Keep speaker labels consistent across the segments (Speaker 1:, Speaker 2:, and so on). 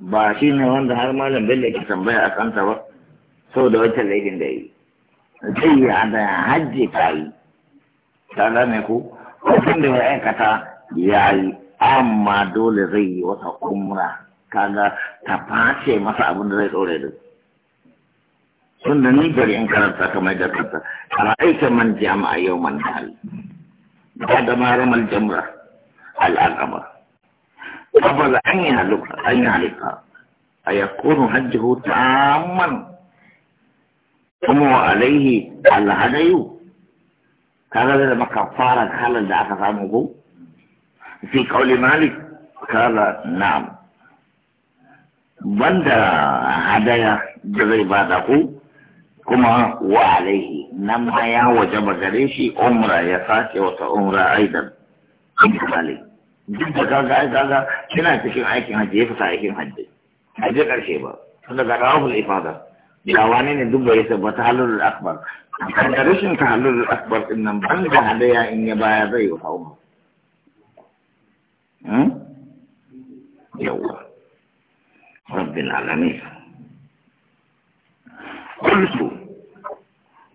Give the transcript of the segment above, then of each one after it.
Speaker 1: ba shi ne wanda har malam bello ke tambaya a kanta ba sau da wancan laifin da yi zai yi a da hajji ta yi ta zame ku kusan da ya aikata ya yi amma dole zai yi wata umra kaga ta face masa abin da zai tsore da sun da ni gari in karanta kamar da kanta a aikin man jama'a yau man hali ba da maramar jamra قبل أن يهلك أن يهلك أيكون هجه تاما
Speaker 2: ثم عليه
Speaker 1: الهدي كذا لما كفارة خلل دعك فهمه في قول مالك قال نعم بند هدايا جزي بعده كما وعليه نما يا وجب غريشي عمره يا وتأمرا وتعمره أيضا مالك جدي كذا كذا كذا كنا تكلم أي كنا جيف سا أي كنا هدي هدي كذا شيء بقى هذا كذا هو اللي فاضل دلواني ندوب عليه سبعة حلول الأكبر كان دارش إن حلول الأكبر إن نبغى نبغى هذا يا إني بايع ذي وفاهم هم يلا رب العالمين قلت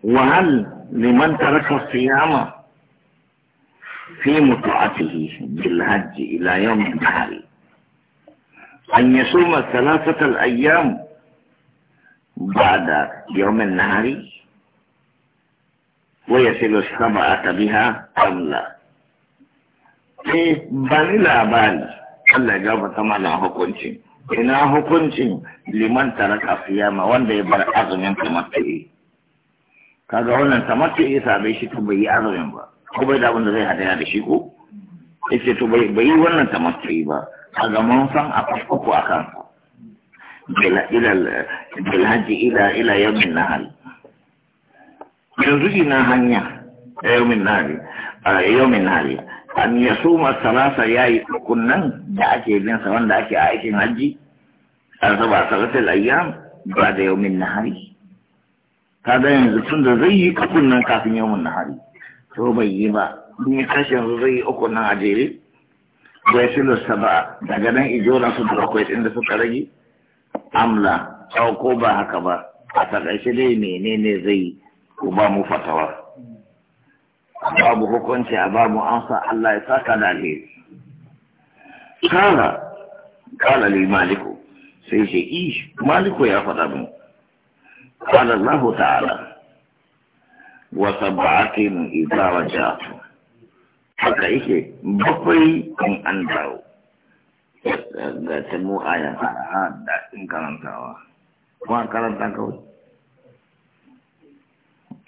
Speaker 1: وهل لمن ترك الصيامه في متعته بالهج إلى يوم النهار أن يصوم ثلاثة الأيام بعد يوم النهار ويصل السماء بها أم لا في إيه، بل لا بل الله جاب تما لا حكمتي إن حكمتي لمن ترك صيامه وان دي بر أغنى تمتعي كذا هنا إذا سابيشي به أغنى بقى ko bai da abin da zai ya da shi ko yace to bai bai wannan tamattu'i ba a ga mun san a fuku a kan bila ila ila haji ila ila yawmin nahal yanzu ina hanya yawmin nahal yawmin nahal an ya suma salasa yayi kunnan da ake bin sa wanda ake a aikin haji an saba salatul ayyam ba da yawmin nahal kada yanzu tun da zai yi kunnan kafin yawmin nahal to bai yi ba Ni kashin zai yi uku na a jere bai tilasta saba daga nan ijoran su da akwai inda suka rage amla ko ba haka ba a takaice dai menene zai ku ba mu fatawa babu hukunci a babu amsa Allah ya saka da alheri kala kala li maliku sai shi ish maliku ya faɗa mu قال ta'ala. وسبعة إذا رجعت حتى إيه بقري كم أنبعوا سمو آية هذا إن كلام سوا ما كلام تقول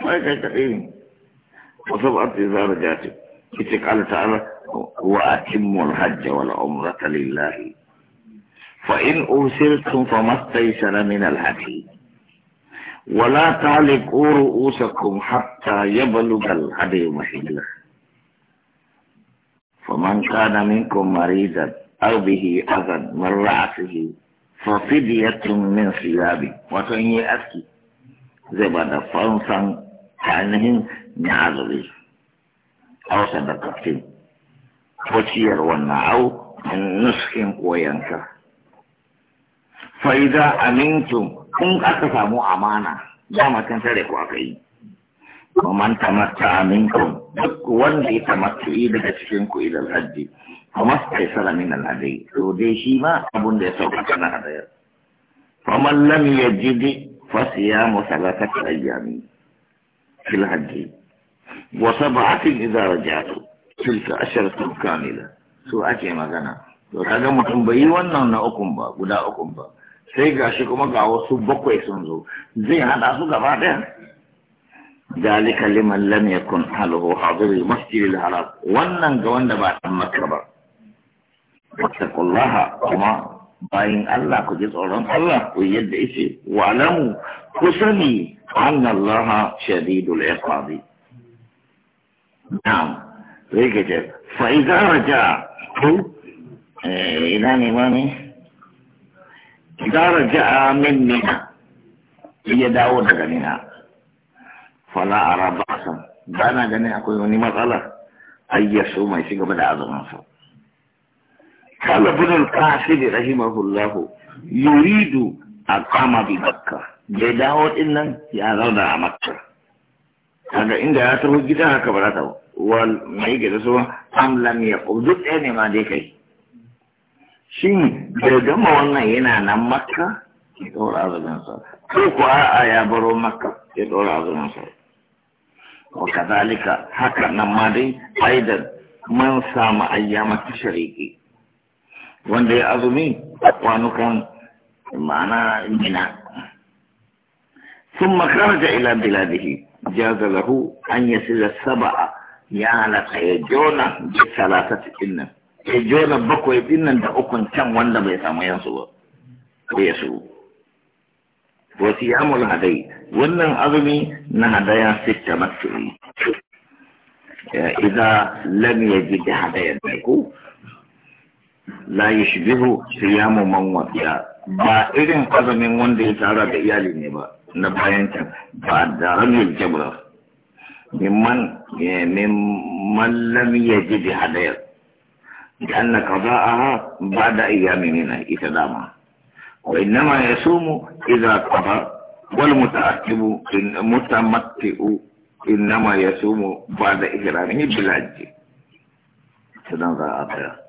Speaker 1: ما يتكلم وسبعة إذا رجعت إذا قال تعالى وأتم الحج والعمرة لله فإن أرسلتم فما استيسر من الحديث ولا تعلقوا رؤوسكم حتى يبلغ الهدي محله فمن كان منكم مريضا أو به أذى من رأسه ففدية من ثيابه وتنهي أسكي زي بعد فانسان كأنهم نعذري أو صدقة وشير ونعو من نسخ وينكر fa'iza amintum in aka samu amana dama can tare ku aka yi wa man tamatta amintum duk wanda ya tamatta yi daga cikin ku ilal hajji
Speaker 2: fa mastaisara
Speaker 1: min al hadi to dai shi ma abun da ya sauka kana hadayar fa man lam yajid fa siyamu salatati ayami fil hajji wa sab'atin idza raja'tu tilka asharatu kamila so ake magana to kaga mutum bai yi wannan na ukun ba guda ukun ba sai ga shi kuma ga wasu bakwai sun zo zai hada su gaba ɗaya ذلك لمن لم يكن حاله masjid al haram wannan ga wanda ba dan makka ba wattaqullaha kuma bayin Allah ku ji tsoron Allah ku yadda yake wa alamu ku sani anna Allah shadidul iqabi na'am sai ga fa idza raja ku eh, ina ne ma ne Zara ji a min ne ya dawo daga nina. Fala a Bana ganin akwai wani matsala, ayya mai cigaba da azumin sa. Kala bunan kasi da rahimahullahu, yuridu a kama bakka, ya dawo din nan ya zauna a makka. Kaga inda ya tafi gida haka barata, wal mai gida so, am lam ya kubu duk ɗaya ne ma dai kai. shin gargama wannan yana nan makka ya ɗora sa? ko kuwa a ya baro makka ya ɗora sa. wa kazalika haka nan ma dai aidan man samu ayyama tashriki wanda ya azumi a kwanukan ma'ana mina ثم lahu an yi جاز له saba'a, ya السبعة يعني da بثلاثة إنه ya jona bakwai nan da ukun can wanda bai samu yansu ba ko ya su wasu yamul hadai wannan azumi na hadaya sitta matsuyi إذا لم hadaya da ku la yushbihu siyamu man wasiya ba irin azumin wanda ya tara da iyali ne ba na bayan can ba da rajul jabra mimman mimman lam da hadaya لأن قضاءها بعد أيام منها إتداما وإنما يصوم إذا قضى والمتأكب المتمتع إنما يصوم بعد إحرامه بالحج. سنة